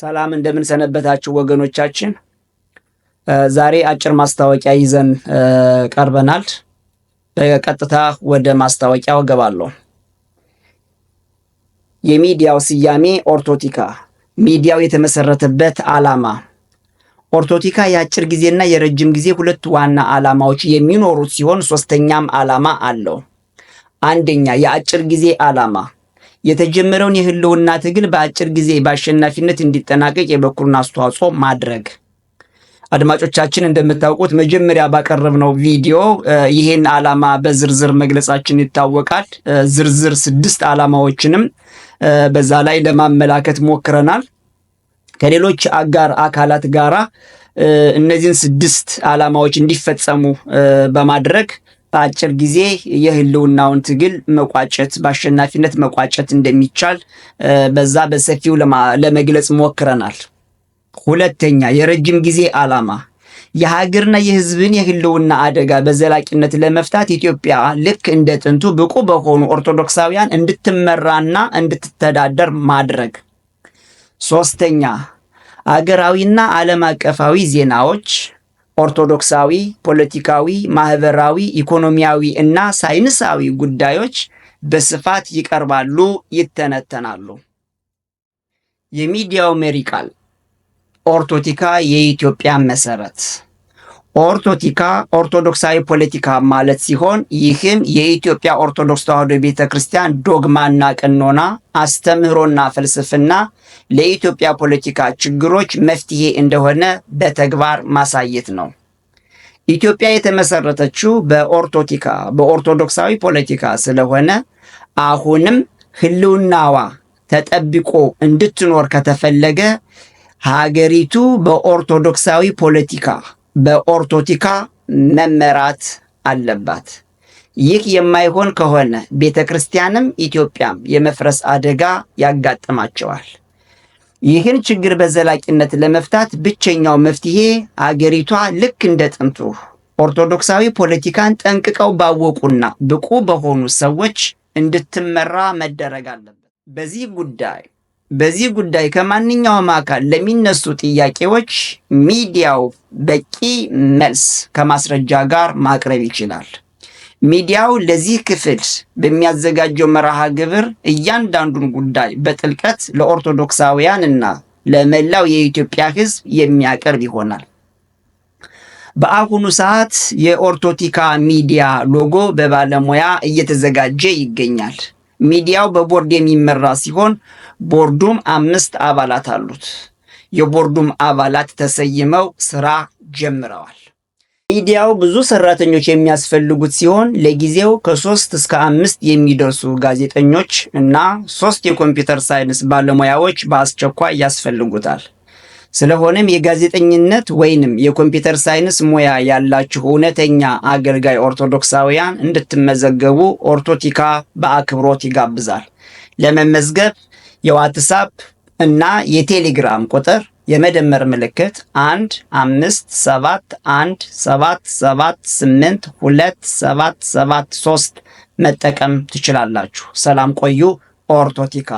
ሰላም እንደምን ሰነበታችሁ ወገኖቻችን። ዛሬ አጭር ማስታወቂያ ይዘን ቀርበናል። በቀጥታ ወደ ማስታወቂያው እገባለሁ። የሚዲያው ስያሜ ኦርቶቲካ። ሚዲያው የተመሰረተበት ዓላማ ኦርቶቲካ የአጭር ጊዜና የረጅም ጊዜ ሁለት ዋና ዓላማዎች የሚኖሩት ሲሆን ሶስተኛም ዓላማ አለው። አንደኛ የአጭር ጊዜ ዓላማ የተጀመረውን የህልውና ትግል በአጭር ጊዜ በአሸናፊነት እንዲጠናቀቅ የበኩሉን አስተዋጽኦ ማድረግ። አድማጮቻችን እንደምታውቁት መጀመሪያ ባቀረብነው ቪዲዮ ይህን ዓላማ በዝርዝር መግለጻችን ይታወቃል። ዝርዝር ስድስት ዓላማዎችንም በዛ ላይ ለማመላከት ሞክረናል። ከሌሎች አጋር አካላት ጋራ እነዚህን ስድስት ዓላማዎች እንዲፈጸሙ በማድረግ በአጭር ጊዜ የህልውናውን ትግል መቋጨት በአሸናፊነት መቋጨት እንደሚቻል በዛ በሰፊው ለመግለጽ ሞክረናል። ሁለተኛ የረጅም ጊዜ ዓላማ የሀገርና የህዝብን የህልውና አደጋ በዘላቂነት ለመፍታት ኢትዮጵያ ልክ እንደ ጥንቱ ብቁ በሆኑ ኦርቶዶክሳውያን እንድትመራና እንድትተዳደር ማድረግ። ሶስተኛ አገራዊና ዓለም አቀፋዊ ዜናዎች ኦርቶዶክሳዊ፣ ፖለቲካዊ፣ ማህበራዊ፣ ኢኮኖሚያዊ እና ሳይንሳዊ ጉዳዮች በስፋት ይቀርባሉ፣ ይተነተናሉ። የሚዲያው መሪ ቃል ኦርቶቲካ የኢትዮጵያ መሰረት ኦርቶቲካ ኦርቶዶክሳዊ ፖለቲካ ማለት ሲሆን ይህም የኢትዮጵያ ኦርቶዶክስ ተዋሕዶ ቤተ ክርስቲያን ዶግማና ቀኖና አስተምህሮና ፍልስፍና ለኢትዮጵያ ፖለቲካ ችግሮች መፍትሄ እንደሆነ በተግባር ማሳየት ነው። ኢትዮጵያ የተመሰረተችው በኦርቶቲካ በኦርቶዶክሳዊ ፖለቲካ ስለሆነ አሁንም ህልውናዋ ተጠብቆ እንድትኖር ከተፈለገ ሀገሪቱ በኦርቶዶክሳዊ ፖለቲካ በኦርቶቲካ መመራት አለባት። ይህ የማይሆን ከሆነ ቤተ ክርስቲያንም ኢትዮጵያም የመፍረስ አደጋ ያጋጥማቸዋል። ይህን ችግር በዘላቂነት ለመፍታት ብቸኛው መፍትሄ አገሪቷ ልክ እንደ ጥንቱ ኦርቶዶክሳዊ ፖለቲካን ጠንቅቀው ባወቁና ብቁ በሆኑ ሰዎች እንድትመራ መደረግ አለበት። በዚህ ጉዳይ በዚህ ጉዳይ ከማንኛውም አካል ለሚነሱ ጥያቄዎች ሚዲያው በቂ መልስ ከማስረጃ ጋር ማቅረብ ይችላል። ሚዲያው ለዚህ ክፍል በሚያዘጋጀው መርሃ ግብር እያንዳንዱን ጉዳይ በጥልቀት ለኦርቶዶክሳውያን እና ለመላው የኢትዮጵያ ሕዝብ የሚያቀርብ ይሆናል። በአሁኑ ሰዓት የኦርቶቲካ ሚዲያ ሎጎ በባለሙያ እየተዘጋጀ ይገኛል። ሚዲያው በቦርድ የሚመራ ሲሆን ቦርዱም አምስት አባላት አሉት። የቦርዱም አባላት ተሰይመው ስራ ጀምረዋል። ሚዲያው ብዙ ሰራተኞች የሚያስፈልጉት ሲሆን ለጊዜው ከሶስት እስከ አምስት የሚደርሱ ጋዜጠኞች እና ሶስት የኮምፒውተር ሳይንስ ባለሙያዎች በአስቸኳይ ያስፈልጉታል። ስለሆነም የጋዜጠኝነት ወይንም የኮምፒውተር ሳይንስ ሙያ ያላችሁ እውነተኛ አገልጋይ ኦርቶዶክሳውያን እንድትመዘገቡ ኦርቶቲካ በአክብሮት ይጋብዛል። ለመመዝገብ የዋትሳፕ እና የቴሌግራም ቁጥር የመደመር ምልክት 1 አምስት ሰባት አንድ ሰባት ሰባት ስምንት ሁለት ሰባት ሰባት ሶስት መጠቀም ትችላላችሁ። ሰላም ቆዩ። ኦርቶቲካ